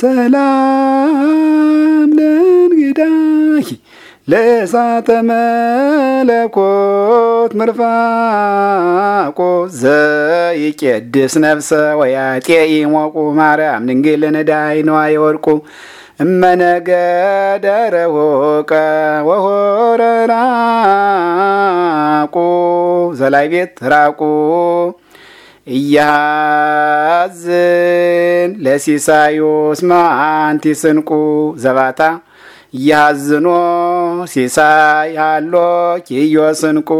ሰላም ለእንግዳኪ ለእሳተ መለኮት ምርፋቆ ዘይቄድስ ነፍሰ ወያጤ ይሞቁ ማርያም ድንግል ንዳይኗ የወርቁ እመነገደ ረሆቀ ወሆረ ራቁ ዘላይ ቤት ራቁ እያዝ ለሲሳዮስ ማአንቲ ስንቁ ዘባታ እያዝኖ ሲሳይ አሎ ኪዮ ስንቁ